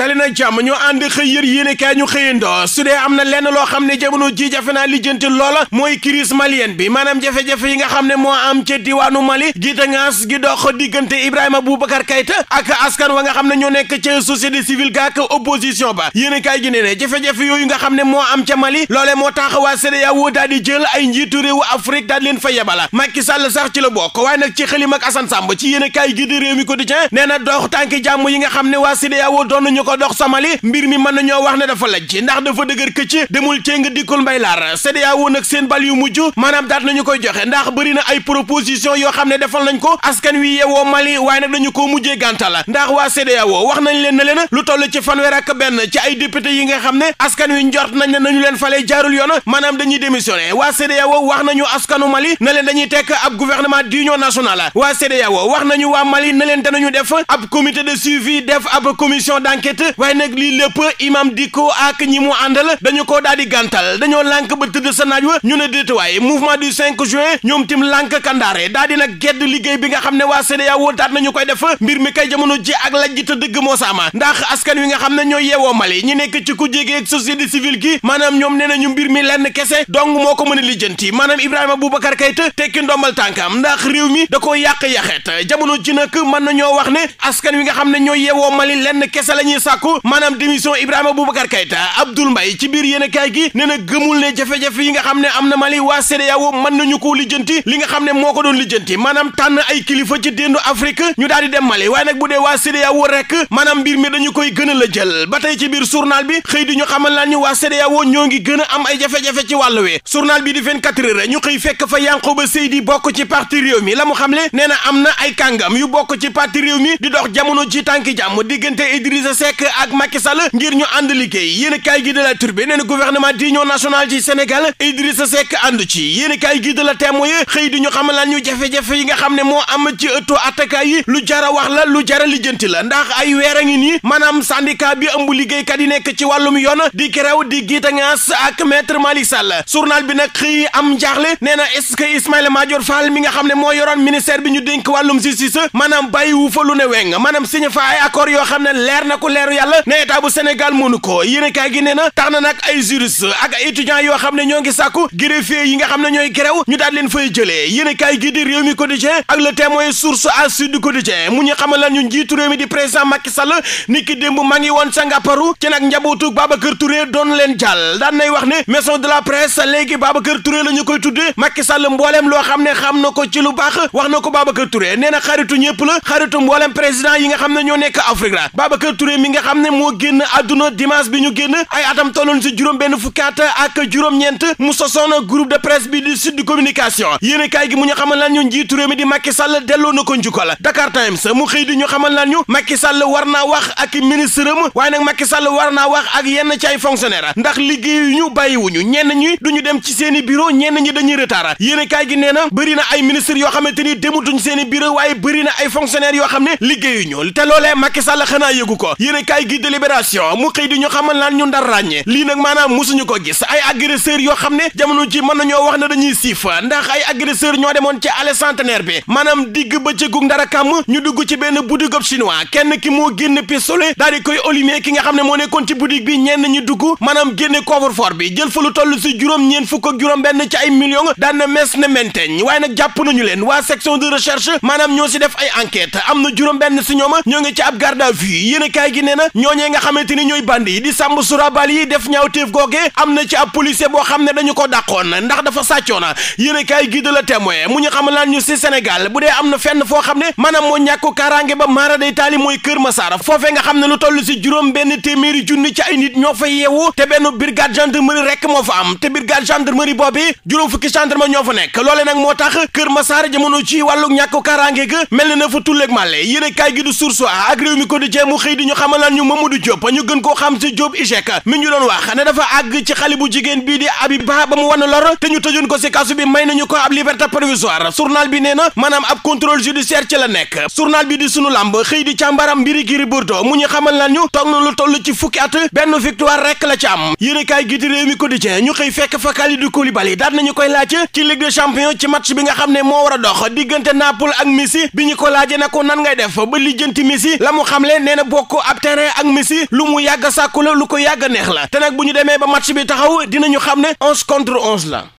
dali na jàmm ñu ànd xëy yër yéene kaay ñu xëyandoo su dee am na lenn loo xam ne jamono ji jafe naa lijjanti loola mooy crise malienne bi maanaam jafe-jafe yi nga xam ne moo am ca diwaanu Mali gi tangaas gi dox diggante Ibrahima Boubacar Keïta ak askan wa nga xam ne ñoo nekk ca société civile ga ak opposition ba yéene kaay gi nee ne jafe-jafe yooyu nga xam ne moo am ca Mali loole moo tax wa CEDEAO daal di jël ay njiitu réewu Afrique daal leen fa yebala Macky Sall sax ci la bokk waaye nag ci xëlim ak Assane Samb ci yéene kaay gi di réew mi quotidien nee na dox tànk jàmm yi nga xam ne waa CEDEAO ko dox samali mbir mi mën nañoo wax ne dafa lajj ndax dafa dëgër këcc demul cee nga dikkul mbay laar CEDEAO woon ak seen bal yu mujj maanaam daat nañu koy joxe ndax bëri na ay proposition yoo xam ne defal nañ ko askan wi yeewoo Mali waaye nag dañu ko mujjee gàntal ndax waa CEDEAO wax nañ leen ne leen lu toll ci fan ak benn ci ay député yi nga xam ne askan wi njort nañ ne nañu leen fale jaarul yoon maanaam dañuy démissionné waa CEDEAO wax nañu askanu Mali na leen dañuy tekk ab gouvernement d'union nationale waa CEDEAO wax nañu waa Mali na leen danañu def ab comité de suivi def ab tamit waaye nag lii lépp imam Dicko ak ñi mu àndal dañu ko daal di gàntal dañoo lànk ba tëdd sa naaj wa ñu ne déet waaye mouvement du 5 juin ñoom tim lànk kandaare daal di nag gedd liggéey bi nga xam ne waa CEDEAO wóotaat nañu koy def mbir mi kay jamono ji ak laj ji te dëgg moo saama ndax askan wi nga xam ne ñooy yeewoo Mali ñi nekk ci ku jege société civile gi maanaam ñoom nee ñu mbir mi lenn kese dong moo ko mën a lijjanti maanaam Ibrahima Boubacar Keïta tekki ndombal tànkam ndax réew mi da ko yàq yaxeet jamono ji nag mën nañoo wax ne askan wi nga xam ne ñooy yeewoo Mali lenn kese lañuy sàkku maanaam démission Ibrahima Boubacar Keïta Abdoul mbay ci biir yéen a kaay gi nee na gëmul ne jafe-jafe yi nga xam ne am na Mali waa CEDEAO mën nañu ko lijjanti li nga xam ne moo ko doon lijjanti maanaam tànn ay kilifa ci déndu Afrique ñu daal di dem Mali waaye nag bu dee waa CEDEAO rek maanaam mbir mi dañu koy gën a la jël ba tey ci biir journal bi xëy di ñu xamal laan ñu waa CEDEAO ñoo ngi gën am ay jafe-jafe ci wàll wi journal bi di 24 heures ñu xëy fekk fa Yankhoba Seydi bokk ci parti réew mi la mu xamle nee na am na ay kàngam yu bokk ci parti réew mi di dox jamono ci tànki jàmm diggante Idrissa Seck Seck ak Macky Sall ngir ñu ànd liggéey yéen a kaay gi de la Tribune nee na gouvernement d'union nationale ci Sénégal ci yéen a kaay gi de la Témoin xëy di ñu xamal lan ñu jafe-jafe yi nga xam ne moo am ci ëttu attaka yi lu jara wax la lu jara lijjanti la ndax ay weer a ngi nii maanaam syndicat bi ëmb liggéeykat yi nekk ci wàllum yoon di kerew di giitangaas ak maître Malick Sall journal bi nag xëy am njaaxle nee na est-ce que Ismaïla Madior Fall mi nga xam ne moo yoroon ministère bi ñu dénk wàllum justice maanaam bàyyi wu fa lu leeru yàlla ne état bu Sénégal gi nee na nag ay juriste ak ay yoo xam ne ñoo ngi sàkku greffier yi nga xam ne ñooy grève ñu daal leen fay jëlee yéenekaay gi di réew mi quotidien ak le témoin source à sud quotidien mu ñu xamal lan ñu njiitu réew di président Macky ni ki démb ma ngi woon Singapour ci nag njabootu Babacar Touré doon leen jàll daan nay wax ne maison de la presse léegi Babacar Touré la ñu koy tuddee Macky Sall mbooleem loo xam ne xam na ko ci lu baax wax na ko Babacar Touré nee na xaritu ñëpp la xaritu mbooleem président yi nga xam ne ñoo nekk Afrique mi nga xam ne moo génn àdduna dimanche bi ñu génn ay atam tolloon si juróom benn fukki at ak juróom-ñeent mu sosoon groupe de presse bi di Sud Communication yéen kaay gi mu ñu xamal lan ñu njiitu réew mi di Macky Sall delloo na ko njukkal Dakar Times mu xëy di ñu xamal lan ñu Macky Sall war naa wax ak ministre am waaye nag Macky Sall war naa wax ak yenn ci ay fonctionnaire ndax liggéeyu ñu bàyyiwuñu ñenn ñi duñu dem ci seen i ñenn ñi dañuy retard yéen kaay gi nee na bëri na ay ministre yoo xamante ni demutuñ seen i bureau waaye ay fonctionnaire yoo xam ne liggéeyuñu te loolee Macky Sall xanaa yëgu ko yéenekaay gi de Libération mu xëy di ñu xamal naan ñu ndar ràññe lii nag maanaam musuñu ko gis ay agresseur yoo xam ne jamono ji mën nañoo wax ne dañuy siif ndax ay agresseur ñoo demoon ci allée centenaire bi maanaam digg bëccëgu ndara kàmm ñu dugg ci benn boutique ab chinois kenn ki moo génn pistolet daal koy allumé ki nga xam ne moo nekkoon ci boutique bi ñenn ñi dugg maanaam génne coffre-fort bi jël fa lu toll si juróom ñeen fukk ak juróom benn ci ay millions daan na mes ne menteñ waaye nag jàpp nañu leen waa section de maanaam ñoo si def ay enquête am na juróom benn si ñooma ñoo ngi ci nee na ñooñee nga xamante ni ñooy bandi yi di sàmb surabal yi def ñaawteef googee am na ci ab policier boo xam ne dañu ko dàqoon ndax dafa sàccoona yéen kaay gi de la témoin mu ñu xamal laan ñu si Sénégal bu dee am na fenn foo xam ne maanaam moo ñàkku kaaraange ba maara day taali mooy Kër Massar foofee nga xam ne lu toll si juróom benn téeméeri junni ci ay nit ñoo fa yeewu te benn brigade gendarmerie rek moo fa am te brigade gendarmerie boobu juróom fukki gendarme ñoo fa nekk moo tax Kër Massar jamono ci wàllu ñàkku kaaraange ga mel na na fa tulleeg màlle yéen kaay gi du dalal ñu Mamadou Diop ñu gën koo xam ci Diop ISEC mi ñu doon wax ne dafa àgg ci xale jigéen bii di Abiba ba mu wan lor te ñu tëjoon ko ci kasu bi may nañu ko ab liberté provisoire journal bi nee na ab contrôle judiciaire ci la nekk journal bi di sunu lamb xëy di càmbaram mbiri Gris Bordeaux mu ñu xamal lan ñu toog lu toll ci fukki at benn victoire rek la ci am yéenekaay gi di Rewmi ñu xëy fekk fa Kalidou Koulibaly ko laajee na ko na bokk terrain ak Messi lu mu yàgg a la lu ko yàgg neex la te bu ñu demee ba match bi taxaw dinañu xam ne onze contre onze la